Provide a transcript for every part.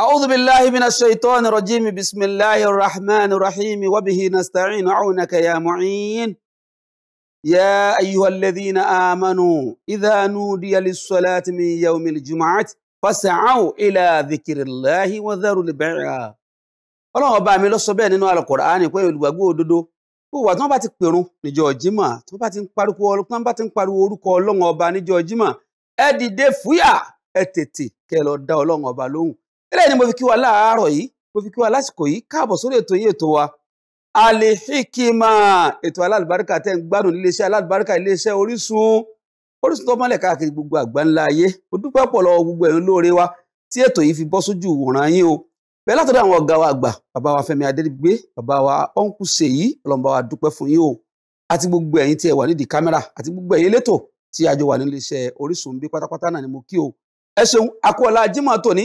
أعوذ بالله من الشيطان الرجيم بسم الله الرحمن الرحيم وبه نستعين عونك يا معين يا أيها الذين آمنوا إذا نودي للصلاة من يوم الجمعة فسعوا إلى ذكر الله وذروا البيع ọlọ́run ọba mi lọ sọ bẹ́ẹ̀ nínú alukọ̀ránì pé olùgbàgbọ́ òdodo kó wà tí wọ́n bá ti pèrún níjọ́ jímọ̀ tí wọ́n bá ti ń pariwo tí bá ti ń pariwo orúkọ ọlọ́run ọba níjọ́ jímọ̀ ẹ dìde fúyà ẹ tètè kẹ́ lọ dá ọlọ́run ọba lóhùn eré ni mo fi kí wa láàárọ̀ yìí mo fi kí wa lásìkò yìí káàbọ̀ sórí ètò yìí ètò wa alihikima ètò alálùbáríkà tẹ́ ń gbádùn iléeṣẹ́ alálùbáríkà iléeṣẹ́ Orísun Orísun tó mọ́lẹ̀ káàkiri gbogbo àgbáńlá ayé ó dúpẹ́ pọ̀ lọ́wọ́ gbogbo ẹ̀yin olóore wa tí ètò yìí fi bọ́ sójú wòran yín o bẹ́ẹ̀ látọ̀dọ̀ àwọn ọ̀gá wa àgbà bàbá wa Fẹ́mi Adédìgbé bàbá wa ọ̀nkù Ṣèyí ọlọ́mọba wa dúpẹ́ fún yín o àti gbogbo ẹ̀yin tí ẹ wà nídìí kámẹ́rà àti gbogbo ẹ̀yin elétò tí a jọ wà níléeṣẹ́ Orísun bí pátápátá náà ni mo kí o ẹ ṣeun akọ́ọ̀lá Jímọ̀ tòní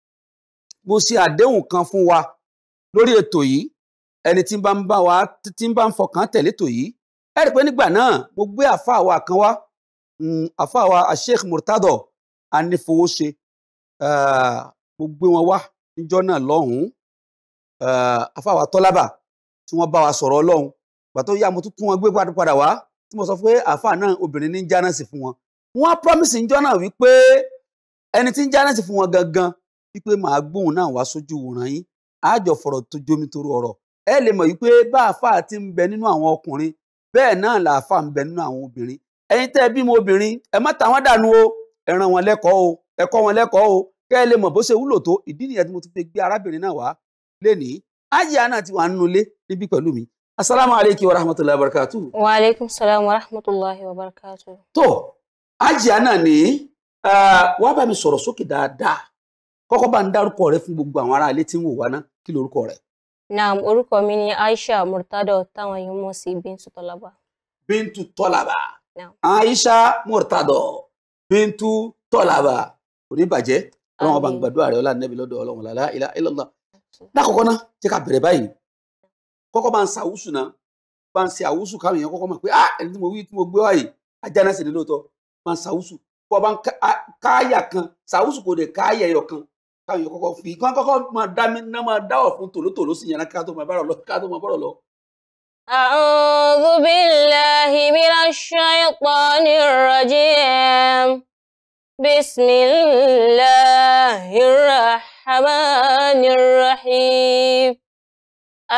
mo ṣe àdéhùn kan fún wa lórí ètò yìí ẹni tí ń bá ń bá wa tí ń bá ń fọkàn tẹ̀lé tò yìí ẹ rí i pé nígbà náà mo gbé àfáà wa kan wá hmm, àfáà wa Sheikh Murtado anífowóṣe eh, mo gbé wọn wá níjọ́ náà lọ́hùn-ún eh, àfáà wa tọ́lábà tí wọ́n bá wa sọ̀rọ̀ ọlọ́run gbà tó yá mo tún tún wọn gbé padà wá tí mo sọ pé àfáà náà obìnrin ní ń sí fún wọn wọn promise níjọ́ náà wípé ẹni tí ń jáná sí fún wọn gangan ipe ma gbóhùn náà wá sójú wòran yín àjọ fọ̀rọ̀ tó jomi toro ọ̀rọ̀ ẹ lè mọ̀ wípé bá ti ń bẹ nínú àwọn ọkùnrin bẹ́ẹ̀ náà làáfàá ń bẹ nínú àwọn obìnrin ẹ̀yin tẹ́ ẹ bímọ obìnrin ẹ má ta dànù o ẹ ràn wọ́n lẹ́kọ̀ọ́ o ẹ kọ́ wọn lẹ́kọ̀ọ́ o kẹ́ ẹ lè mọ̀ bó ṣe wúlò tó ìdí nìyẹn tí mo ti fi gbé arábìnrin náà wà nínú wa rahmatulahi wa kọ́kọ́ bá ń dárúkọ rẹ fún gbogbo àwọn aráalé tí ń wò wá ná kí lorúkọ rẹ. naam orúkọ mi ni Aisha Murtado táwọn èèyàn mọ̀ sí Bintu Tọ́lábà. Bintu Tọ́lábà. Aisha Murtado Bintu Tọ́lábà oníbàjẹ́ ọlọ́run ọba ń gbàdúrà rẹ ọlá nẹ́bí lọ́dọ̀ ọlọ́run làlá ilá ilọ́lá. lákọ̀ọ́kọ́ ná jẹ́ ká bẹ̀rẹ̀ báyìí kọ́kọ́ bá ń ṣàwùsù ná bá ń ṣe àwùsù káwọn èèyàn kọ́kọ́ mọ̀ pé ah ẹni tí mo wí tí mo gbé wáyìí ajá náà sì ní lóòótọ́ bá ń ṣàwùsù bọ́ bá ń káyà kan ṣàwùsù kò dé káyà ẹyọ kan káwọn yóò kọ́kọ́ fi kí wọ́n kọ́kọ̀ máa dá mi ná máa dá ọ̀fun tòlótòló sí yẹn ká tó máa bọ̀rọ̀ lọ ká tó máa bọ̀rọ̀ lọ. A'udhu billahi minash shaytanir rajim. Bismillahir rahmanir rahim.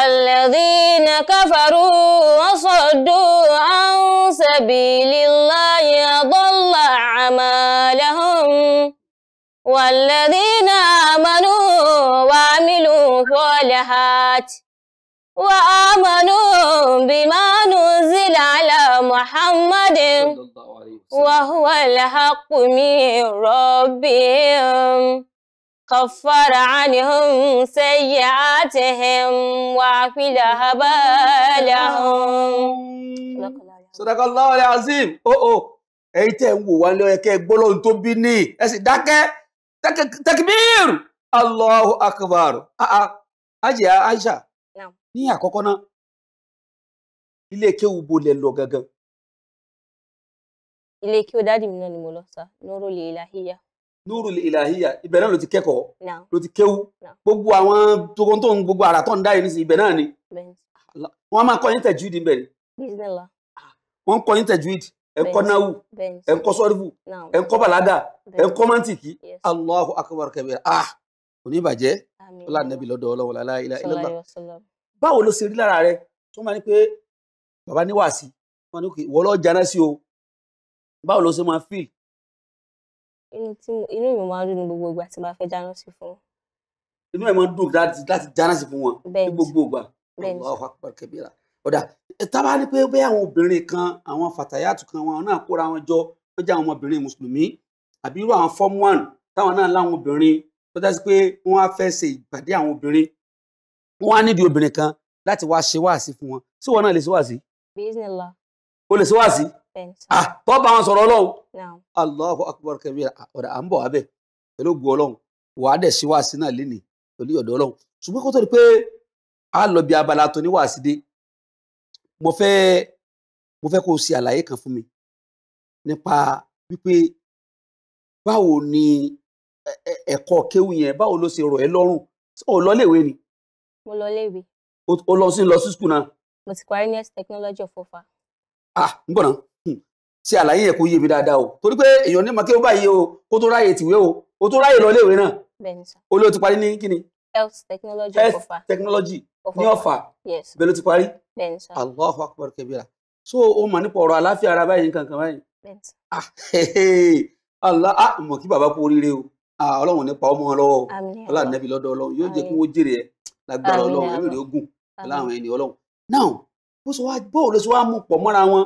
الذين كفروا وصدوا عن سبيل الله أضل أعمالهم والذين آمنوا وعملوا الصالحات وآمنوا بما نزل على محمد وهو الحق من ربهم كفر عنهم سيئاتهم وعفل هبالهم Sadaqallahul Azim ó ó ẹ̀yin tẹ́ ń wò wá ní ọyẹ kẹ́ gbólóhùn tó bí takbir allahu akbar a'a ah, ajiya ah. aisha ni àkọ́kọ́ náà ilé kéwú bo lẹ lọ gangan. ile kéwú dáàdì mi náà ni mo lọ sá Nurul Ilahiyya. Nurul Ilahiyya ibẹ̀ náà ló ti kẹ́kọ̀ọ́ ló ti kewu gbogbo awon tókun tó ń gbogbo àrà tó ń dá yìí nísìnyí ibẹ̀ náà ni wọ́n máa kọ́ yín tajwid níbẹ̀ ni wọ́n kọ́ yín tajwid ẹ̀ ń kọ́ náwù ẹ̀ ń kọ́ sọ́rífù ẹ̀ ń kọ́ bàládà ẹ̀ ń kọ́ mọ́ntìkì Allahu akbar kabira ah òní ìbàjẹ́ ọlá nàbì lọ́dọ̀ ọlọ́wọ́ lálá ilá ilọ́lá báwo ló ṣe rí lára rẹ tó máa ní pé bàbá ní wàásì wọn ní wọ́n lọ́ọ́ jana sí o báwo ló ṣe máa fíìl. inú mi máa ń dùn ní gbogbo ìgbà tí màá fẹ́ jana sí fún wọn. inú ẹ̀ máa ń dùn láti jana sí fún wọn ní gbogbo ìgbà Allahu akbar kabira ọ̀dà tábà ní pé bẹ́ẹ̀ àwọn obìnrin kan àwọn fàtàyàtù kan wọn náà kóra wọn jọ tó jẹ́ àwọn ọmọbìnrin mùsùlùmí àbí irú àwọn form one táwọn náà láwọn obìnrin tó dá sí pé wọ́n á fẹ́ ṣe ìpàdé àwọn obìnrin wọ́n á nídìí obìnrin kan láti wá ṣe wáàsí fún wọn sí wọn náà lè ṣe wáàsí. o lè ṣe wáàsí. ah tó bá wọn sọ̀rọ̀ ọlọ́run. Allahu akbar kabira ah, ọ̀dà à ń bọ̀ abẹ́ pẹ̀lú ògùn ọlọ́run wàá dẹ̀ ṣe wáàsí náà lénìí pẹ̀lú ọ̀dọ̀ ọlọ́run ṣùgbọ́n kó tó di pé a lọ bí abala tó ní wáàsí dé mo fẹ́ mo fẹ́ kó o ṣe àlàyé kan fún mi nípa wípé báwo ni ẹ̀kọ́ kéwù yẹn báwo ló ṣe rọ̀ ẹ́ lọ́rùn ò lọ léèwé ni. mo lọ léèwé. o lọ sí lọ sí skul náà. mo ti parí next technology of Ọ̀fà. ah n gbọ́dọ̀ hmm. ṣe àlàyé yẹn kó yé mi dáadáa o torí pé èèyàn ní màkì ó báyìí o kó tó ráyè tìwé o kó tó ráyè lọ léèwé náà. bẹ́ẹ̀ni sá. olóò ti parí ní kíni. health technology of Ọ̀fà. health technology ní ọ̀fà bẹ́ẹ̀ ló ti parí Allahu akbar kabira so o mọ̀ nípa ọ̀rọ̀ àláfíà ara báyìí nǹkan báyìí ah, Allah ah mọ̀ kí bàbá kú oríire o ah, ọlọ́run nípa ọmọ lọ́wọ́ ọlọ́run nẹ́bí lọ́dọ̀ ọlọ́run yóò jẹ́ kí wọ́n jèrè ẹ̀ lágbára ọlọ́run yóò rí ogun láwọn ẹni ọlọ́run now bó ṣe wá bó ló ṣe wá mú pọ̀ mọ́ra wọn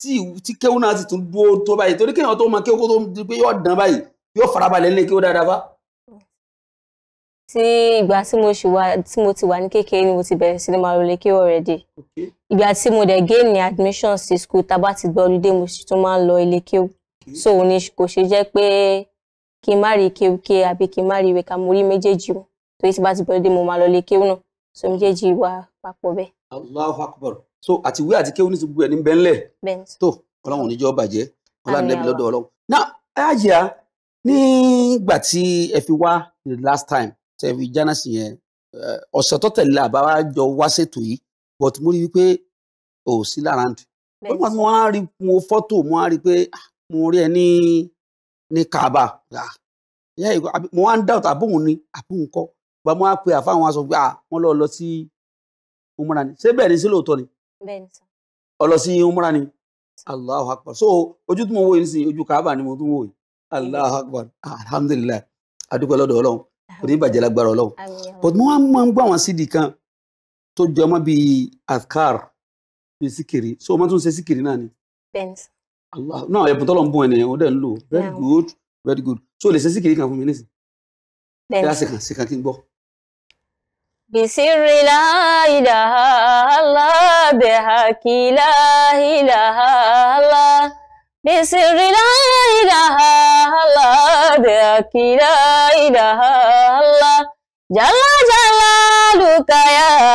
tí tí kéwú náà sì tún dúró tó báyìí torí kéèyàn tó mọ kéwú tó di pé yóò dán báyìí yóò farabalẹ̀ lé kéwú dáadáa bá láti ìgbà tí mo ṣì wà tí mo ti wà ní kékeré ni mo ti bẹ̀rẹ̀ sí ní máa rọlé kí already ìgbà tí mo dẹ̀ gain ní admission sí school tábà ti gbọ́ olùdé mo sì tún máa ń lọ ilé kéwù so òun ni kò ṣe jẹ́ pé kí n má rí kéwù ké àbí kí n má rí ìwé ká mo rí méjèèjì mu torí tí bá ti gbọ́ olùdé mo máa lọ ilé kéwù náà so méjèèjì wà papọ̀ bẹ́ẹ̀. Allahu Akbar so àti ìwé àti kéwù ní ti gbogbo ẹ̀ ní bẹ́ńlẹ̀ tó ọlọ́run ò ní jọ́ last time tẹ́ fi jánàsì yẹn eh, ọ̀sẹ̀ tó tẹ̀lé àbáwá jọ wá ṣètò yìí but mo rí i pé ò sí lára ń tù wọ́n mọ̀ wọ́n á rí mo fọ́tò mo á rí i pé ah, mo rí ẹ ní ní kaaba ah, mo wá ń dá àbóhùn ni àbóhùn kọ́ gba mo wá pe àfáwọn aṣọ pé ah, wọ́n lọ lọ sí umra ni ṣé bẹ́ẹ̀ ni sí lóòótọ́ ni ọlọ sí umra ni akbar so ojú tí mo wò yìí ojú kaaba ni mo tún wò yìí akbar alhamdulilayi adúpẹ́ lọ́dọ̀ ọlọ́run kò ní bàjẹ́ lágbára ọlọ́run but mo máa ń gbọ́ àwọn sídì kan tó jẹ ọmọ bíi adkar bíi síkìrì so o máa tún ṣe síkìrì náà ni. Allah náà ẹ̀bùn tọ́lọ̀ ń bùn ẹ̀nìyàn ó dẹ̀ ń lò very good very good so o lè ṣe síkìrì kan fún mi nísìn. bẹ́ẹ̀ sì kàn sí kan kí n gbọ́. بسر لا إله إلا الله بحق لا إله Bismillahirrahmanirrahim. La ilaha ya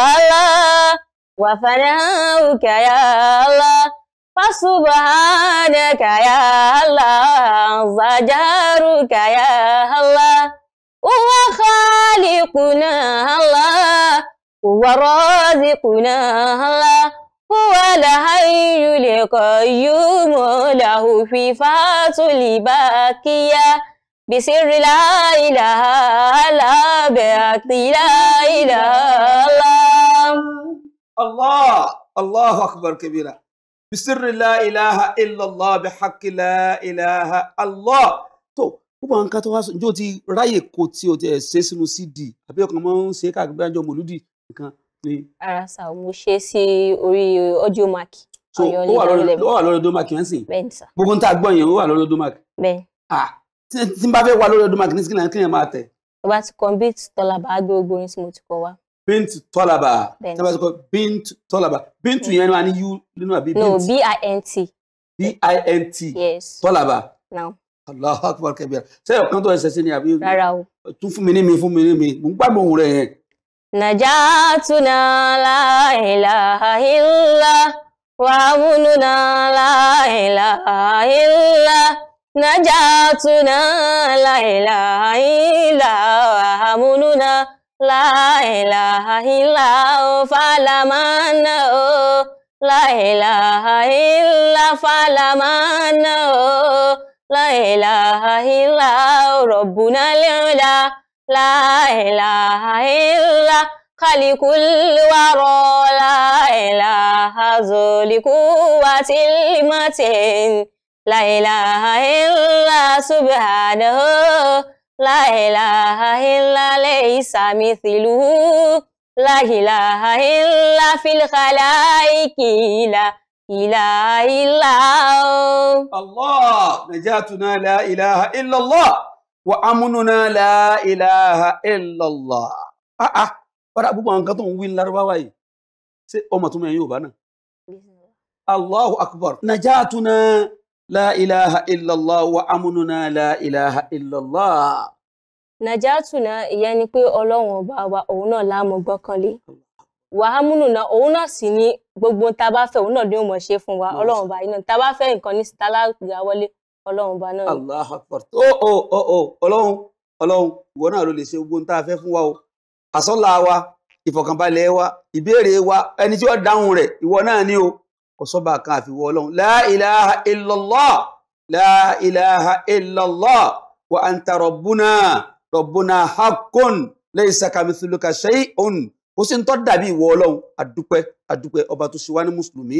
Allah. Wa fanauka ya Allah. Fasubhanaka ya Allah. Zajaruka ya Allah. Wa khaliquna Allah. Wa raziquna Allah. هو الحي القيوم له صفات الباقية بسر لا إله إلا بحق لا إله الله الله الله أكبر كبيرا بسر لا إله إلا الله بحق لا إله الله tó gbogbo àwọn nǹkan tó wá sọ njó ti ráyè kò tí o ti ẹ̀ ṣe sínú cd àbí ọkàn máa ń ṣe káàkiri àjọ mòlúdì nǹkan ní. ara sà mo ṣe sí orí audio mark. so ó wà lórí ó wà lórí audio mark yẹn sìn. bẹ́ẹ̀ni sà. gbogbo nta gbọ́ yẹn ó wà lórí audio mark. bẹ́ẹ̀ni. ah tí n bá fẹ́ wà lórí audio mark ní skin náà kí yẹn máa tẹ̀. tó bá ti kọ bint tọ́lábà á orin tí mo ti kọ wá. bint tọ́lábà tó bá ti bint tọ́lábà bint yẹn ni wà ní u nínú àbí bint. no b i n t. b i n t. yes tọ́lábà. now Allahu akbar kabira. Ṣé ọ̀kan tó ẹsẹ̀ sí ni àbí? Rárá o. Tún fún mi ní mi fún mi ní mi. Mo ń gbàgbọ́ òun rẹ̀ yẹn. نجاتنا لا إله إلا وعوننا لا إله إلا نجاتنا لا إله إلا وعوننا لا إله إلا فلمنا لا إله إلا فلمنا لا إله إلا ربنا العلا لا إله إلا خالق الورى لا إله ذو لقوة المتين لا إله إلا سبحانه لا إله إلا ليس مثله لا إله إلا في الخلائق لا إله إلا الله نجاتنا لا إله إلا الله wa amúnúná láìláha ìlọ̀lá àà ah, ah. padà púpọ̀ nǹkan tó ń wí lárúbáwá yìí ṣé ọmọ tó mẹ́rin yóò bá náà allahu akbar najatuna láìláha ìlọ̀lá wa amúnúná láìláha ìlọ̀lá. najatuna ìyẹn ni pé ọlọ́run ọba wa òun náà láàmú gbọ́kànlé wàhámùnù náà òun náà sì ni gbogbo tá a bá fẹ́ òun ni ó mọ̀ ṣe fún wa ọlọ́run ọba yìí náà tá a bá fẹ́ nǹkan ní ọlọ́run bá náà. allah akbar tó o o o ọlọ́run ọlọ́run ìwọ náà ló lè ṣe gbogbo tá a fẹ́ fún wa o àsọ́là wa ìfọ̀kànbalẹ̀ wa ìbéèrè wa ẹni tí wọ́n dáhùn rẹ̀ ìwọ náà ni o ọ̀sọ́ba kan àfiwọ́ ọlọ́run la ilaha illallah la ilaha illallah wa anta rabbuna rabbuna haqqun laysa kamithluka shay'un ó sì ń tọ́ dàbí ìwọ ọlọ́run àdúpẹ́ àdúpẹ́ ọba tó ṣe wá ní mùsùlùmí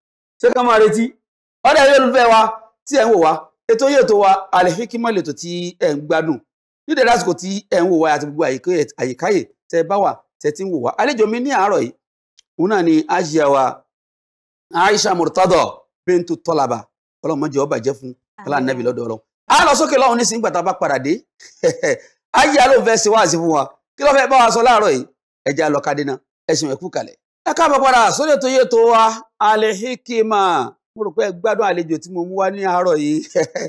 ṣé ká máa retí ọ̀dà ilé olùfẹ́ wa tí ẹ̀ ń wò wá ètò yìí ètò wa Al-Hikmat lètò tí ẹ̀ ń gbádùn nídìí lásìkò tí ẹ̀ ń wò wá àti gbogbo àyíkáyè tẹ bá wà tẹ ti ń wò wá àlejò mi ní àárọ̀ yìí òun náà ni àṣìyà wa Aisha Murtada bintu Tọ́laba ọlọ́mọdé ọba jẹ́ fún aláǹdàbí lọ́dọ̀ ọlọ́ a lọ sókè lọ́hùn ní sìngbà tá a bá padà dé ayé alóhùn fẹ́ ṣe wáàsí fún wa kí ló fẹ́ bá wa sọ láàárọ̀ yìí ẹ̀jẹ̀ alọ́kadínà ẹ̀sùn ẹ̀kú kalẹ̀ ẹ káàbọ̀ padà sórí ètò yẹtò wa alehikima mo rò pé gbádùn àlejò tí mo mú wá ní àárọ̀ yìí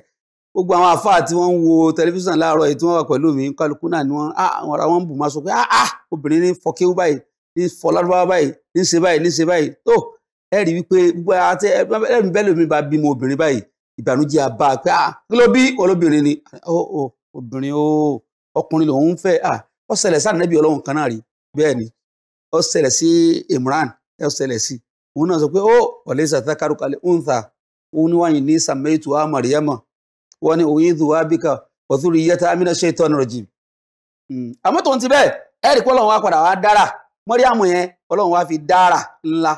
gbogbo àwọn àfáà tí wọ́n ń wo tẹlifíṣàn láàárọ̀ yìí tí wọ́n wà pẹ̀lú mi kálukú náà ni wọ́n ah, àwọn ará wọn ń bù máa sọ pé ah, ah obìnrin ní fọkéwú báyìí ní fọlárúbáwá báyìí ní ṣe báyìí ní ṣe báyìí tó ẹ rí wípé gbogbo àti ẹrù bẹ́ẹ̀ lómi bá bímọ obìnrin báyìí ìbànújẹ́ àbá pé ah kí ló bí olóbìnrin ni obìnrin o ọkùnrin lòun fẹ́ ah ó ṣẹlẹ̀ sáà nẹ́bí ọlọ́run kan náà rí bẹ́ẹ̀ ni ó ṣẹlẹ̀ sí Imran ó ṣẹlẹ̀ sí òun náà sọ pé ó ọ̀lẹ́ ìsàtà kárùkalẹ̀ ń ta òun ni wọ́n yìí ní sàmẹ́tù àmàríyàmọ̀ wọ́n ní òun yìí dùn ábíkà ọ̀tún rí yẹta amínà ṣe ìtọ́nù rẹ̀ jì. àmọ́ tó ń ti bẹ́ẹ̀ ẹ̀rì pé ọlọ́run wa padà wá dára mọ́ríàmù yẹn ọlọ́run wa fi dára ńlá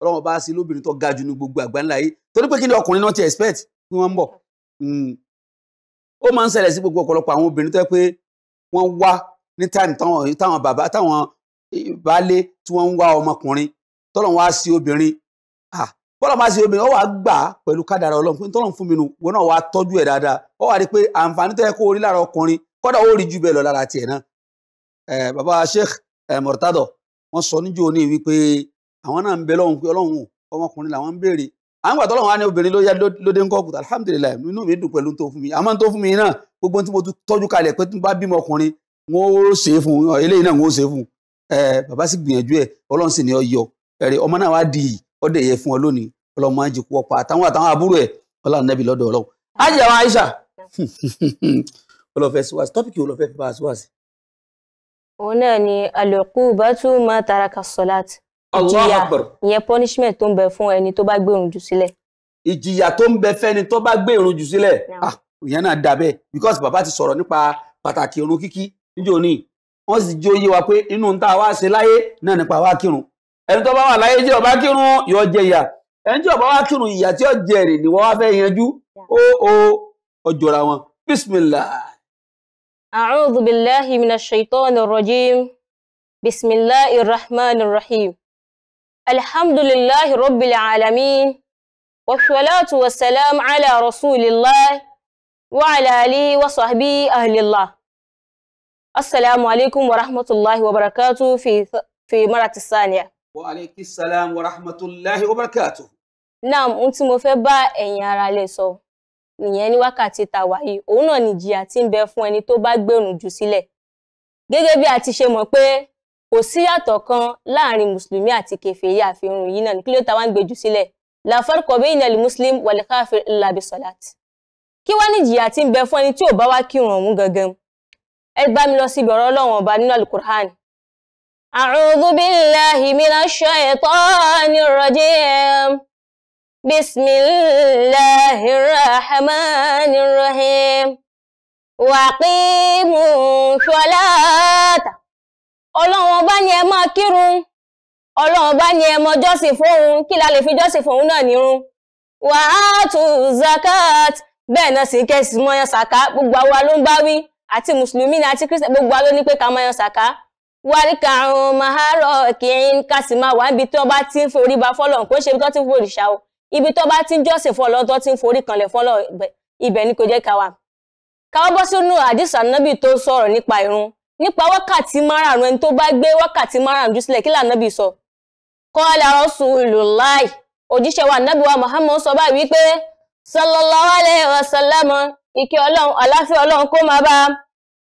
ọlọ́run bá sí lóbìnrin tó ga jù ní gbogbo àgbáńlá yìí torí pé kí ni ọkùnrin náà ti expect kí wọ́n ń bọ̀. Hmm. ó máa ń ṣẹlẹ̀ sí gbogbo ọ̀pọ̀lọpọ̀ àwọn obìnrin tó yẹ pé wọ́n wá ní táwọn bàbá táwọn baálé tí wọ́n ń wá ọmọkùnrin tọ́lọ́run wá sí obìnrin bọ́lá máa ṣe obìnrin ó wàá gbà pẹ̀lú kádàrá ọlọ́run pé tọ́lọ́run fún mi nù wọn náà wàá tọ́jú ẹ̀ dáadáa ó wàá rí i pé àǹfààní tó yẹ kó o rí lára ọkùnrin kọ́dà ó rí ju bẹ́ẹ̀ lọ lára tiẹ̀ náà bàbá Sheikh Murtado wọ́n sọ níjó ní wípé àwọn náà ń bẹ lọ́hùn pé ọlọ́run ọmọkùnrin làwọn ń béèrè àwọn gbà tọ́lọ́run wá ní obìnrin lóde ńkọ́ kùtà alhamdulilayi inú mi mo tọ́jú kalẹ̀ pé tí mo bá bímọ bàbá sì gbìyànjú ẹ̀ ọlọ́run sì ní ọyọ ẹ̀rẹ̀ ọmọ náà wá di ọdẹ yẹ fún ọ lónìí ọlọ́run máa ń jẹ́ kó ọ̀pá àtàwọn àtàwọn àbúrò ẹ̀ ọlọ́run nẹ́bí lọ́dọ̀ ọlọ́run. ájì àwọn Aisha olọ́fẹ́ síwájú tọ́pìkì olọ́fẹ́ fi bá a síwájú. òun náà ni al-uqubatu ma taraka as-salat. Allahu Akbar. ìyẹn punishment tó ń bẹ fún ẹni tó bá gbé òun jù sílẹ̀ ìjìyà tó ń bẹ fẹ́ni tó bá gbé irun jù sílẹ̀ ah, ìyẹn náà dà bẹ́ẹ̀ because bàbá ti sọ̀rọ̀ nípa pàtàkì irun kíkí níjó ní wọ́n sì jí oyé wa pé inú ń tá a wá ṣe láyé náà nípa wá kírun ẹni tó bá wà láyé jẹ́ ọba kírun yóò jẹ ìyà ẹni tí ọba wá kírun ìyà tí ó jẹ rè ni wọ́n wá fẹ́ yanjú ó ó ọjọ́ra wọn bismillah. a'udhu billahi minash shaitanir rajim bismillahir rahmanir rahim alhamdulillahi rabbil alamin wassalatu wassalamu ala rasulillah wa ala alihi wa sahbihi ahlillah. السلام عليكم ورحمة الله وبركاته في في مرة الثانية وعليك السلام ورحمة الله وبركاته نعم أنت tí mo fẹ́ bá ẹ̀yin ará lè sọ nìyẹn ní wákàtí tá a wà yìí òun náà ni ìjìyà tí ń bẹ fún ẹni tó bá gbẹ̀rùn jù sílẹ̀ gẹ́gẹ́ bí a ti ṣe mọ̀ pé kò síyàtọ̀ kan láàrin mùsùlùmí àti kèfèrí àfihàn yìí náà ní kí ló ń gbé jù sílẹ̀ la farqa bayna al-muslim wal-kafir illa kí wá ní ìjìyà tí ń bẹ fún ẹni tí ò bá wá kírun ọ̀hún gangan ẹ bá mi lọ sí ibi ọ̀rọ̀ ọlọ́run ọba nínú alukur'an. a'udhu billahi minash shaitanir rajim bismillahir rahmanir rahim wàkímù ṣọláàtà ọlọ́run ọba ni ẹ máa kírun ọlọ́run ọba ni ẹ mọ jọ́sìn fóun kí la lè fi jọ́sìn fóun náà nírun wàá tù zakat bẹ́ẹ̀ náà sì kẹ́sì mọ́yán sàká gbogbo àwa ló ń bá wí àti mùsùlùmí ni àti kírísítẹ̀ gbogbo aló ní pé ká máa yan sàká wárí karùn-ún maharo kìín ká sì máa wà níbi tí wọ́n bá ti ń forí ba fọ́lọ̀ kó ṣe ibi tó ti ń forí ṣá o ibi tó bá ti ń jọ́sìn fọ́lọ̀ tó ti ń forí kanlẹ̀ fọ́lọ̀ ibẹ̀ ni kò jẹ́ ká wà. káwọ́ bọ́ sínú àdìsá nábì tó sọ̀rọ̀ nípa irun nípa wákàtí márààrún ẹni tó bá gbé wákàtí márààrún jù sílẹ̀ kí lànàbì sọ kọ́lá Rasulullahi òjíṣẹ́ wa nábì wa Muhammad sọ báyìí wípé sallallahu alaihi wasallam ike ọlọ́run àláfíà ọlọ́run kó máa bá a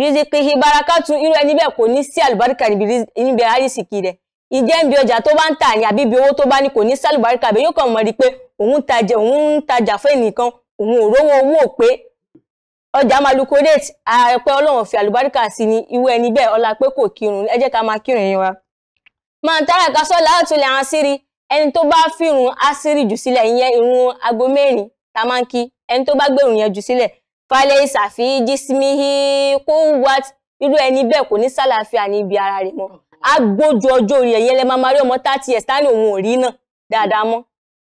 rizikihi barakatu irú ẹni bẹ́ẹ̀ kò ní ni àlùbáríkà níbi àrísìkì rẹ̀ ìjẹ́ ń bi ọjà tó bá ń tà ní àbí ibi owó tó bá ní kò ní sí àlùbáríkà bẹ́ẹ̀ yóò kàn mọ̀ rí pé òun tajà pé ọjà àpẹ ọlọ́run fi àlùbáríkà sí ni irú ẹni bẹ́ẹ̀ ọlá pé kò kírun ẹ jẹ́ ká máa kírun yín wa. máa tára kaṣọ́ láàtú lè hàn síri ẹni tó bá fìrùn àṣírí jù sílẹ̀ ìyẹn ìrun aago mẹ́rin máa ń kí falẹ̀ ìsàfi jismihi kó wá irú ẹni bẹ́ẹ̀ kò ní sálàáfíà ní ibi ara rẹ̀ mọ́ agbójú ọjọ́ orí ẹ̀yẹn lẹ́ máa máa rí ọmọ thirty years ní òun ò rí náà dáadáa mọ́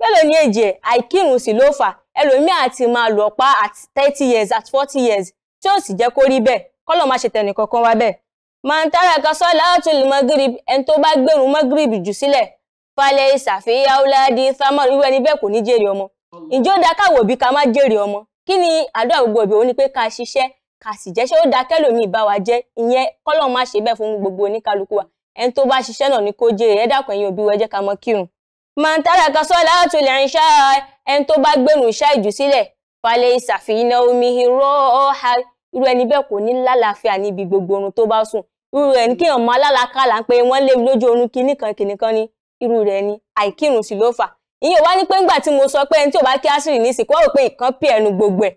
mélòó ní èjì ẹ̀ àìkírun sì ló fà ẹlòmíì àti máa lọ pa at thirty years at forty years tí ó sì jẹ́ kó rí bẹ́ẹ̀ kọ́lọ̀ máa ṣe tẹnì kankan wá bẹ́ẹ̀ máa ń tára ka sọ́ọ́ láàtò lè magrib ẹni tó bá gbẹ̀rún magrib jù sílẹ̀ falẹ̀ ìsàfihàn ọ̀làdì thamar irú ẹni bẹ́ẹ̀ kò ní jèrè ọmọ ìjó dákàwọ̀ bí ká má jèrè ọmọ kí ni àdúrà gbogbo ìbí òun ni pé ká ṣiṣẹ́ ká sì jẹ́ ṣé ó da kẹ́lòmíì bá wa jẹ́ ìyẹn kọ́lọ́run má ṣe bẹ́ẹ̀ fún gbogbo oníkálukú wa ẹni tó bá ṣiṣẹ́ náà ni kó jèrè ẹ dákun ẹ̀yin òbí wa ẹ jẹ́ ká mọ kírun. màntàrà kan sọ láàtò lè rìn ṣáà ẹni tó bá gbẹ̀rù iṣẹ́ ìjù sílẹ̀ falẹ̀ ìṣàfihàn omi irọ́ ọ̀ha irú ẹni bẹ́ẹ̀ kò ní lálàáfíà níbi gbogbo orun tó bá sùn irú rẹ̀ ní kí èèyàn máa ń pé wọ́n lé lójú orun kinní kan kinní kan ni irú rẹ̀ ni àìkírun sì ló fà ìyẹn wá ní pé ńgbà tí mo sọ pé ẹni tí ò bá kí àṣírí ní ìsìnkú ọ̀rọ̀ pé ìkan pí ẹnu gbogbo ẹ̀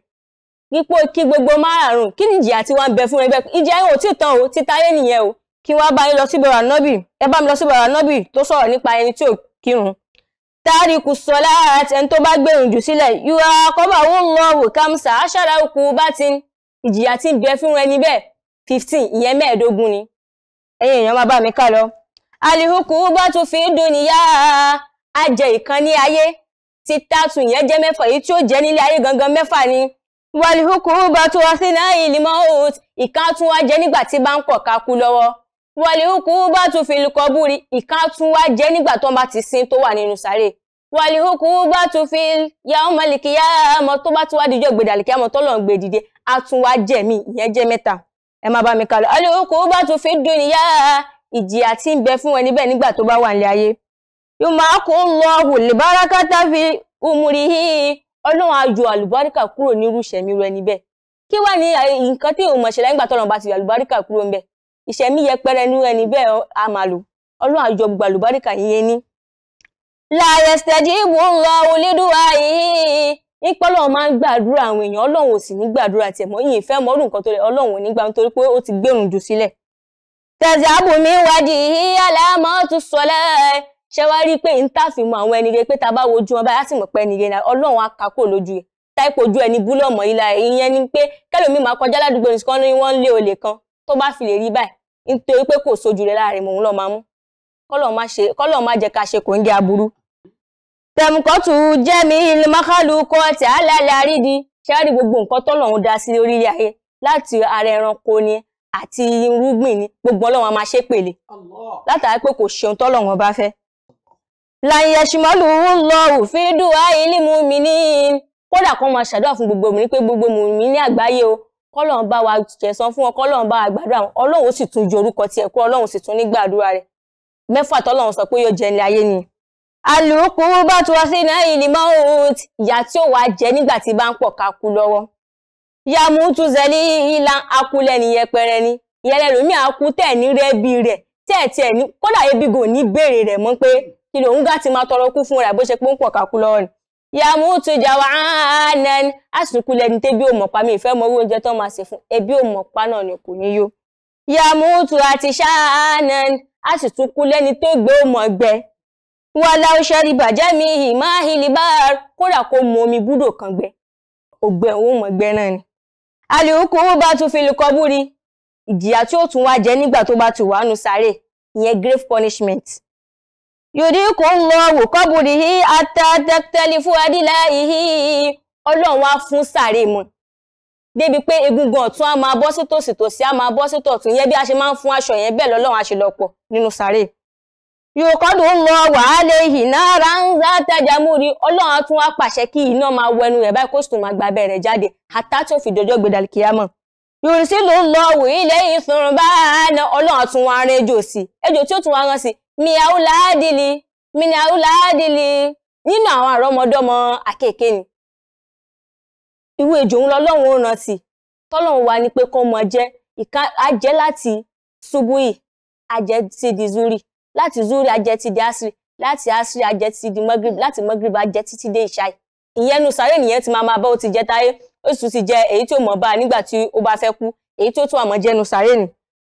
ipò kí gbogbo márààrún kí ni ìjìyà tí wọ́n ń bẹ fún ẹgbẹ́ ìjìyà yóò tí tán o ti táyé nìyẹn o kí wọ́n bá yín lọ síbi ọ̀rọ̀ nọ́bì ẹ bá mi lọ síbi ọ̀rọ̀ nọ́bì tó sọ̀rọ̀ nípa ẹni tí ò kírun tárìkù sọlá ẹni tó bá gbèrú jù sílẹ̀ yúwa kọ́bà owó ń lọ wò kámsà aṣáára òkú bá ti ìjìyà tí ń bẹ fún ẹni bẹ́ẹ̀ fifteen ìyẹn mẹ́ẹ̀ẹ́dógún ni ẹ̀yin èèyàn máa bá mi ká lọ. àlìhùkù bá tún fi dùn níyà a jẹ ìkan ní ayé tí tátù yẹn jẹ́ mẹ́fà èyí tí ó jẹ́ nílé ayé gangan mẹ́fà ni wàlúhùkúrú bá tó wá sí náà ìlímọ̀ oat ìkan tún wá jẹ́ nígbà tí bá ń pọ̀ kákú lọ́wọ́ wàlúhùkúrú bá tún fi lùkọ́ búri ìkan tún wá jẹ́ nígbà tó bá ti sin tó wà nínú sáré wàlúhùkúrú bá tún fi yàwó mọ̀lìkìyà àmọ́ tó bá tún wá dijọ́ gbèdàlìkì àmọ́ tọ́lọ̀ ń gbè dìde á tún wá jẹ́ mi ìyẹn jẹ́ mẹ́ta ẹ má bá mi kálọ wàlúhùkúrú bá tún fi dùn níyà ìjìyà tí ń bẹ fún ẹ níbẹ̀ nígbà tó bá wà nílé ayé yumaku Allahu libarakata fi umurihi ọlọ́run á yọ àlùbáríkà kúrò nírú ìṣẹ̀mí rẹ níbẹ̀ kí wàá ní nǹkan tí òun mọ̀ṣẹ̀lá nígbà tọ́lọ́run bá ti yọ àlùbáríkà kúrò ńbẹ̀ ìṣẹ̀mí yẹpẹrẹ nírú ẹni bẹ́ẹ̀ á máa lò ọlọ́run á yọ gbogbo àlùbáríkà la yastajibu Allahu lidu'ahi nípa ọlọ́run máa ń gbàdúrà àwọn èèyàn ọlọ́run ò sì ní gbàdúrà ṣé wá rí pé ìntàfin mọ àwọn ẹnire pé tá a bá wojú wọn báyìí á sì mọ̀ pé ẹnire náà ọlọ́run á lójú rẹ̀ táìpò ojú ẹni búlọ̀ mọ́ ilá ìyẹn ni pé kẹlòmí máa kọjá ládùúgbò nìkan ní wọ́n ń lé olè kan tó bá fi lè rí báyìí nítorí pé kò sojú rẹ̀ láàrin mòun lọ́ọ́ máa mú kọ́lọ̀ má jẹ́ ká ṣe kò ń jẹ́ aburú. tẹ̀mùkọ́tù jẹ́mi ìlímọ́kàlù kọ́ ti àlàálẹ̀ àrídìí ṣẹ́rí ni àti irúgbìn ni gbogbo ọlọ́run a máa ṣépèlè látàrí pé kò láyẹ̀ṣùmọ́lù ń lọ òfin dùwà ìlímú mi ní kódà kan máa ṣàdúrà fún gbogbo mùmínì pé gbogbo mùmínì ní àgbáyé o kọ́lọ́n bá wa jẹ̀sán fún wọn kọ́lọ́n bá wa gbàdúrà wọn ọlọ́run ó sì tún ju orúkọ tiẹ̀ kú ọlọ́run sì tún ní gbàdúrà rẹ̀ mẹ́fà tọ́lọ́run sọ pé yóò jẹ ilé ayé ni. àlùkù bá tu wá sí náà ìlì mount ìyá tí ó wàá jẹ nígbà tí bá ń pọ̀ ká kú lọ́wọ́. yàmú tún zẹlí ìlà akulẹ̀ nìyẹn pẹrẹ ni ìyẹn lẹ́nu mi àkú tẹ̀ ní rẹ́bí rẹ̀ tẹ̀ tẹ̀ ní kódà ebi ní béèrè rẹ̀ mọ́ pé kí ló ń gá ti máa tọrọ kú fún rẹ̀ bó ṣe pé ń pọ̀ kákú lọ́wọ́ ni. yàmú tó jà wá nẹ́ni àsìkò lẹ́ni tẹ́bí ò mọ̀pá mi ìfẹ́ mọ owó oúnjẹ tó máa ṣe fún ẹbí ò náà ni kò ní yó. yàmú tó àti ṣáánẹ́ni àsìkò kú tó gbé ò gbẹ. wà láwọn ṣẹ́rí bàjẹ́ mi ìmá ìlì bá kódà kó mu omi búdò kan gbẹ. ògbẹ òun gbẹ náà ni. àlìhùkù bá tún fi lè kọbúri ìjìyà tí grave punishment yòdìkò ń lọ wò kọ́bùrì hí atẹ́tẹ́lì fún adílẹ̀ ìhí ọlọ́run wá fún sàárè mu débi pé egungun ọ̀tún á máa bọ́ sí tòsí tòsí á máa bọ́ sí tọ̀tún yẹn bí a ṣe máa ń fún aṣọ yẹn bẹ́ẹ̀ lọ́lọ́run á ṣe lọ́pọ̀ nínú sàárè yòkọ́dù ń lọ wàhálẹ̀ ìhì náà ra ń rá tẹ́jà múri ọlọ́run á tún wá pàṣẹ kí iná máa wọ ẹnu rẹ̀ báyìí kó sì tún máa gba abẹ́ jáde àtá tí fi dọjọ́ gbẹdàlì kíámọ̀ yorùsí ló ń lọ wò ilé ìsùnrùn báyìí ọlọ́run tún wá rán ejò sí ejò tí ó tún wá rán sí miaulaadili miniaulaadili nínú àwọn àrọmọdọ́mọ àkekèé ni ìwé ìjò ń lọlọ́run ó rántí tọ́lọ́run wa ni pé kó mọ jẹ́ ìka àjẹ́ láti ṣubúì àjẹ́ ti di zuri láti zuri àjẹ́ ti di asiri láti asiri àjẹ́ ti di magrib láti magrib àjẹ́ títí dé ìṣáì ìyẹn nu sáré nìyẹn ti máa máa bá ó ti jẹ táyé ó sì tún ti jẹ èyí tí ó mọ̀ bá nígbà tí ó bá fẹ́ kú èyí tí ó tún àmọ́ jẹ́nu sáré nìyẹn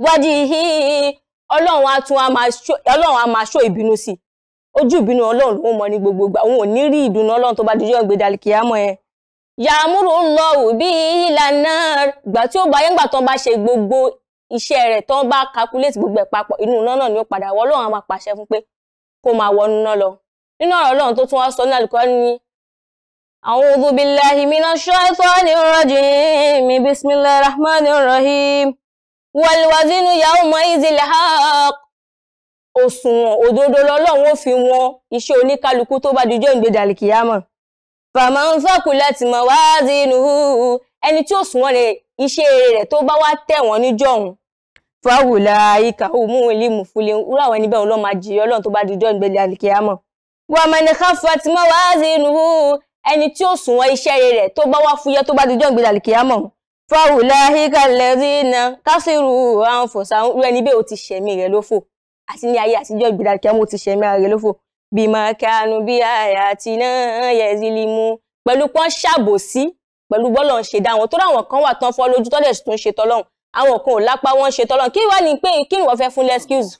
wájú híhí ọlọ́run á tún ọlọ́run á máa ṣó ìbínú sí ojú ìbínú ọlọ́run ló ń mọ ní gbogbo ìgbà òun ò ní rí ìdùnnú ọlọ́run tó bá dijọ́ ìgbé dàlìkìyàmọ́ ẹ. yàmúrò ń lọ òbí ìlànà ìgbà tí ó bá yẹn gbà tó bá ṣe gbogbo iṣẹ́ rẹ̀ tó bá calculate gbogbo ẹ̀ papọ̀ inú iná náà ni ó padà wọ ọlọ́run á máa pàṣẹ fún pé kó máa wọnú náà lọ nínú ọ̀rọ̀ ọlọ́run tó tún wá sọ ní Al-Qur'an ni A'udhu billahi minash shaitanir rajim bismillahir rahmanir rahim wọ̀lùwàzínú yawma izil haq òṣùwọ̀n òdodo lọ́lọ́run ó fi wọn iṣẹ́ oníkálukú tó bá dijọ́ ìgbèdàlì kìyàmọ̀ faman thaqulat mawazinuhu ẹni tí òṣùwọ̀n rẹ̀ iṣẹ́ rẹ̀ tó bá wá tẹ̀wọ̀n níjọ́hun fáwùlà ìkà òmùwìlì mùfúlẹ̀ wúrà àwọn ẹni bẹ́ẹ̀ lọ́ máa jìyà ọlọ́run tó bá dijọ́ ìgbèdàlì kìyàmọ̀ waman khaffat mawazinuhu ẹni tí òṣùwọ̀n iṣẹ́ rẹ̀ tó fọwùlà híkàlẹ́rìnà kásìrù àǹfọ̀sà rẹ níbẹ̀ ó ti ṣẹ̀mí rẹ lófò àti ní ayé àtijọ́ ìgbìdá kí wọ́n ti ṣẹ̀mí rẹ lófò bí màkànù bí àyà àti náà yẹzìlì mu pẹ̀lú pọ́n ṣàbòsí pẹ̀lú bọ́lọ̀ ń ṣe dá wọn tó ráwọn kan wà tán fọ́ lójú tọ́lẹ̀ tó ń ṣe tọ́lọ́hún àwọn kan ò lápá wọn ṣe tọ́lọ́hún kí wàá ní pé kí wọ́n fẹ́ fún lẹ́skíùs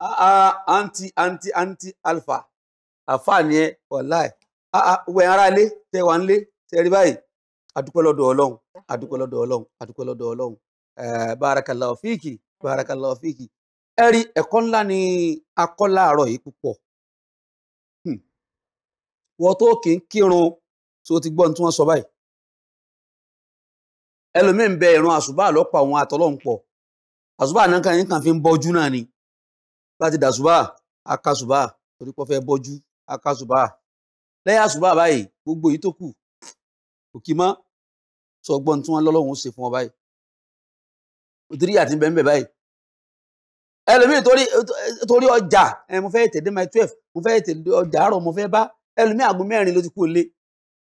ah ah anti anti anti alfa afa ni ẹ wàláì wẹ̀ ara lé tẹ wà ń lé tẹ rí báyìí àdúpẹ́ lọ́dọ̀ ọlọ́run àdúpẹ́ lọ́dọ̀ ọlọ́run àdúpẹ́ lọ́dọ̀ ọlọ́run eh, barakallahu fíìkì barakallahu fíìkì ẹ rí ẹ̀kọ́ ńlá ni akọ́ láàárọ̀ yìí púpọ̀ hmm. wọ́n tó kì í kírun tó ti gbọ́ ní tí wọ́n sọ báyìí ẹlòmíín bẹ ìran àṣùbà lọ́pọ̀ àwọn àtọ́lọ́hún pọ̀ àṣùbà náà kan nǹkan fi ń bọ́jú náà ni láti dàṣùbà akásùbà torí pọ́ fẹ́ bọ́jú akásùbà lẹ́yìn àṣùbà báyìí gbogbo yìí tó kù kò kí mọ́ sọ ọgbọ́n tí wọ́n lọ́lọ́run ṣe fún ọ báyìí òtírí àti bẹ́ẹ̀ báyìí ẹlòmíì torí ọjà mo fẹ́ tẹ̀dé my twelve mo fẹ́ tẹ̀dé ọjà àárọ̀ mo fẹ́ bá ẹlòmíì àgbo mẹ́rin ló ti kú lé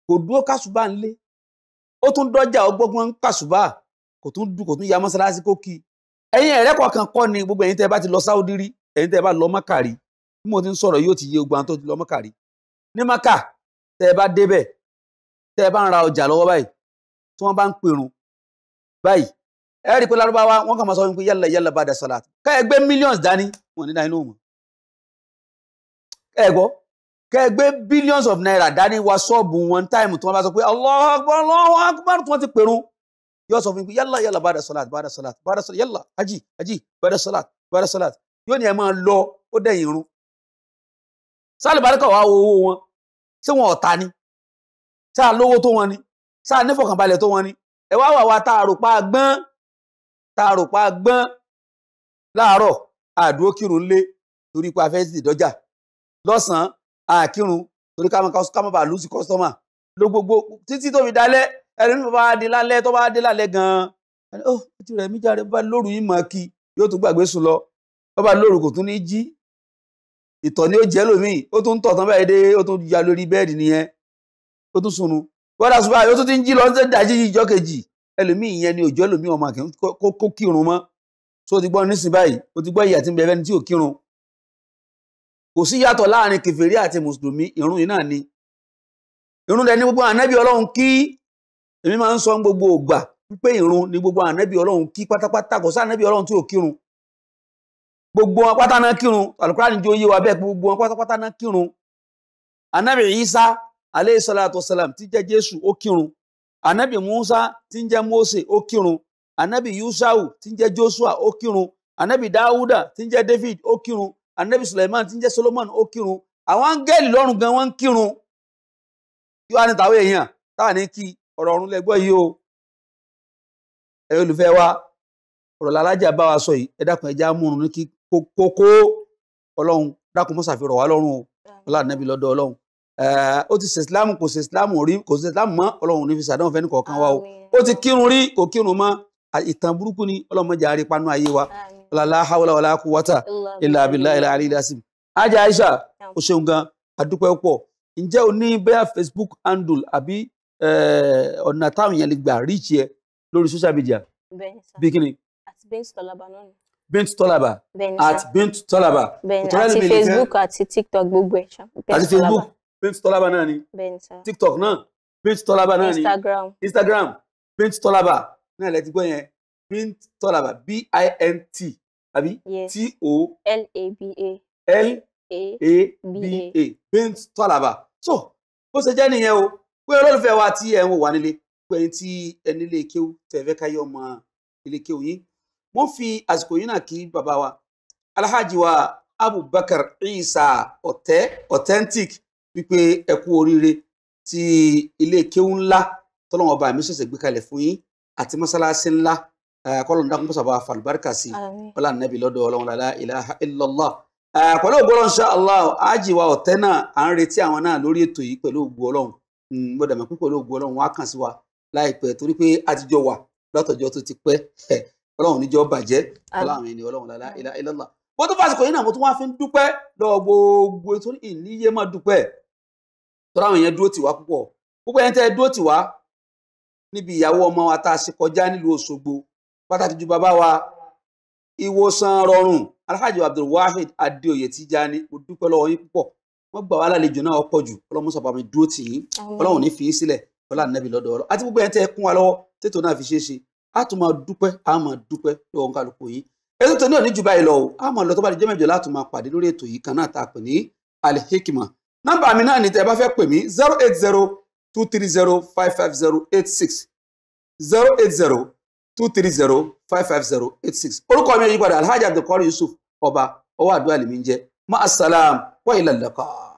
kò dúró kásùbà ń lé ó tún dọ́jà ọgbọ́gbọ́n kásùbà kò tún dùn kò tún ya mọ́sálásí kó kí ẹ̀yin ẹ̀rẹ́ kọ̀ọ̀kan kọ́ ni gbogbo ẹ̀yin tẹ́ bá ti lọ sáúdí rí ẹ̀yin tẹ́ ní maka tẹ́ ẹ bá débẹ̀ tẹ́ ẹ bá ń ra ọjà lọ́wọ́ báyìí tí wọ́n bá ń pèrún báyìí ẹ rí i pé lárúbáwá wọ́n kàn máa sọ wípé yálà yálà bá dà sọlá ká ẹ gbé millions dání wọn nílá inú mọ ẹ gbọ́ ká ẹ gbé billions of naira dání wa ṣọ́ọ̀bù one time tí wọ́n bá sọ pé Allahu Akbar Allahu Akbar tí wọ́n ti pèrún yóò sọ fún mi pé yálà bá dà sọlá bá dà sọlá bá dà sọlá yálà ají ají bá dà sọlá bá dà sọlá yóò ní ẹ máa lọ ó dẹ̀yìn irun sálùbáríkà wà wo owó wọn ṣé wọn ọ̀tá ni ṣáà lówó tó wọn ni ṣáà nífọ̀kànbalẹ̀ tó wọn ni ẹ wá wà wá tá a rò pa gbọ́n tá a rò pa gbọ́n láàárọ̀ àdúró kírun lé torí pé a fẹ́ sì dọ́jà lọ́sàn-án àkírun torí ká má bàa lùsì kọ́sítọ́mà ló gbogbo títí tó fi dalẹ́ ẹni tó bá dé lálẹ́ tó bá dé lálẹ́ gan-an oh, ó ti rẹ̀ mí jáde bá lóru yín mọ̀ kí yóò tún gbàgbé sùn lọ bá lóru kò tún ní jí ìtọ̀ ni ó jẹ́ lómìn ó tún tọ̀ tán báyìí dé ó tún ya lórí bẹ́ẹ̀dì nìyẹn ó tún sunu bọ́dà sùpà ó tún ti ń jí lọ ń tẹ́ dájí ìjọ kejì ẹlòmíì ìyẹn ni òjò ẹlòmíì ọmọ àkẹ́ kó kírun mọ́ tó o ti gbọ́ nísìn báyìí o ti gbọ́ ìyà tí ń bẹ fẹ́ni tí ò kírun kò sí yàtọ̀ láàrin kèfèrí àti mùsùlùmí ìrun yìí náà ni ìrun dẹni gbogbo ànábì ọlọ́run kí èmi máa ń sọ gbogbo ògbà pípé ìrun ni gbogbo ànábì ọlọ́run kí pátápátá kò sí ànábì ọlọ́run tí ò kírun gbogbo wọn pátá náà kírun alukurani jẹ́ oyé wa bẹ́ẹ̀ gbogbo wọn pátápátá náà kírun anabi isa aleyhi salatu wasalam tí jẹ́ jésù ó kírun anabi musa tí jẹ́ mose ó kírun anabi yusau tí jẹ́ joshua ó kírun anabi dawuda tí jẹ́ david ó kírun anabi suleiman tí jẹ́ solomon ó kírun àwọn áńgẹ́lì lọ́run gan wọ́n ń kírun yóò wá ní tàwọn èèyàn táwa ní kí ọ̀rọ̀ ọ̀run lẹ́gbọ́ yìí o ẹ olùfẹ́ wa ọ̀rọ̀ làlájà bá wa sọ yìí ẹ dákun ẹ já múrun ní kí kókó ọlọ́run dákun mọ́sàfihàn rọ̀ wá lọ́rùn o ọlọ́run nẹ́bí lọ́dọ̀ ọlọ́run ó ti ṣe islam kò ṣe islam rí kò ṣe islam mọ́ ọlọ́run ní fi ṣàdánwò fẹ́ni kọ̀ọ̀kan wa o ó ti kírun rí kò kírun mọ́ ìtàn burúkú ni ọlọ́run mọ́jà rí panu ayé wa la hawla wala quwwata illa billahi ilà àlè ilà sí. ajá aisha o ṣeun gan adúpẹ́ pọ̀ ǹjẹ́ o ní bẹ́ẹ̀ facebook handle àbí ọ̀nà táwọn èèyàn lè gbà ríìchì ẹ lórí social media bí kíni. àti bẹ́ẹ̀ sọ̀lá bint tọ́làbà at bint tọ́làbà Ati facebook ati tiktok gbogbo ẹ̀ ṣá facebook bint tọ́làbà náà ni tiktok náà bint tọ́làbà náà ni instagram instagram bint tọ́làbà náà lẹ́tí gbọ́ yẹn bint tọ́làbà b i n t abi? Yes. t o l a b a l a b a bint tọ́làbà so bó ṣe jẹ́ nìyẹn o pé olólùfẹ́ wa tí ẹ̀ ń wò wá nílé pé ẹni tí ẹni ilé kéwú tẹ̀fẹ́ káyọ̀ ọmọ ilé kéwú yín wọ́n fi àsìkò yìí náà kí bàbá wa alhaji wa abubakar isa ọ̀tẹ́ authentic wípé ẹ kú oríire ti ilé kéwú ńlá tọ́lọ́wọ́n ọba mi ṣẹ̀ṣẹ̀ gbé kalẹ̀ fún yín àti mọ́sálásí ńlá kọ́lọ́n dákun pọ̀sà bá falùbáríkà sí ọlá nàbì lọ́dọ̀ ọlọ́run lálá ilaha illallah pẹ̀lú ògbó ọlọ́run ṣá allah ájì wa ọ̀tẹ́ náà à ń retí àwọn náà lórí ètò yìí pẹ̀lú ògbó ọlọ́run mo dàmọ́ pé pẹ̀lú ògbó ọlọ́run wọn á kàn sí wa láìpẹ́ torí pé àtijọ́ wà látọjọ́ tó ti pẹ́ ọlọ́run níjọ́ bàjẹ́ ọlọ́run ẹni ọlọ́run lálá ilá ilọ́lá bó tó fásitì kò yín náà mo tún wá fi ń dúpẹ́ lọ́wọ́ gbogbo tó ní ìníyé máa dúpẹ́ tọ́ra àwọn yẹn dúró tì wá púpọ̀ púpọ̀ yẹn tẹ́ ẹ dúró tì wá níbi ìyàwó ọmọ wa tá a ṣe kọjá nílùú Òṣogbo pàtàkì ju bàbá wa ìwòsàn rọrùn Alhaji Abdulwahid Adéoyè Tijani mo dúpẹ́ lọ́wọ́ yín púpọ̀ wọ́n gbà wá lálejò náà ọ̀pọ̀ jù ọlọ́run sọ̀bà mi dúró tì yín ọlọ́run ní fi í sílẹ̀ ọlá nàbì lọ́dọ̀ ọlọ́ àti gbogbo yẹn tẹ́ ẹ a tún máa dúpẹ́ a máa dúpẹ́ lọ́wọ́ kálukú yìí ètò tó ní òní jù báyìí lọ o a máa lọ tó bá di jẹ́mẹ̀jọ láti máa pàdé lórí ètò yìí kan náà tá a pè ní alihikima nọ́mbà mi náà ni tẹ́ ẹ bá fẹ́ pè mí zero eight zero two three zero five five zero eight six zero eight zero two three zero five five zero eight six orúkọ mi yìí padà alhaji abdulkari yusuf ọba ọwọ́ àdúrà lèmi ń jẹ́ ma asalaam wa ilà lẹ́kọ̀ọ́.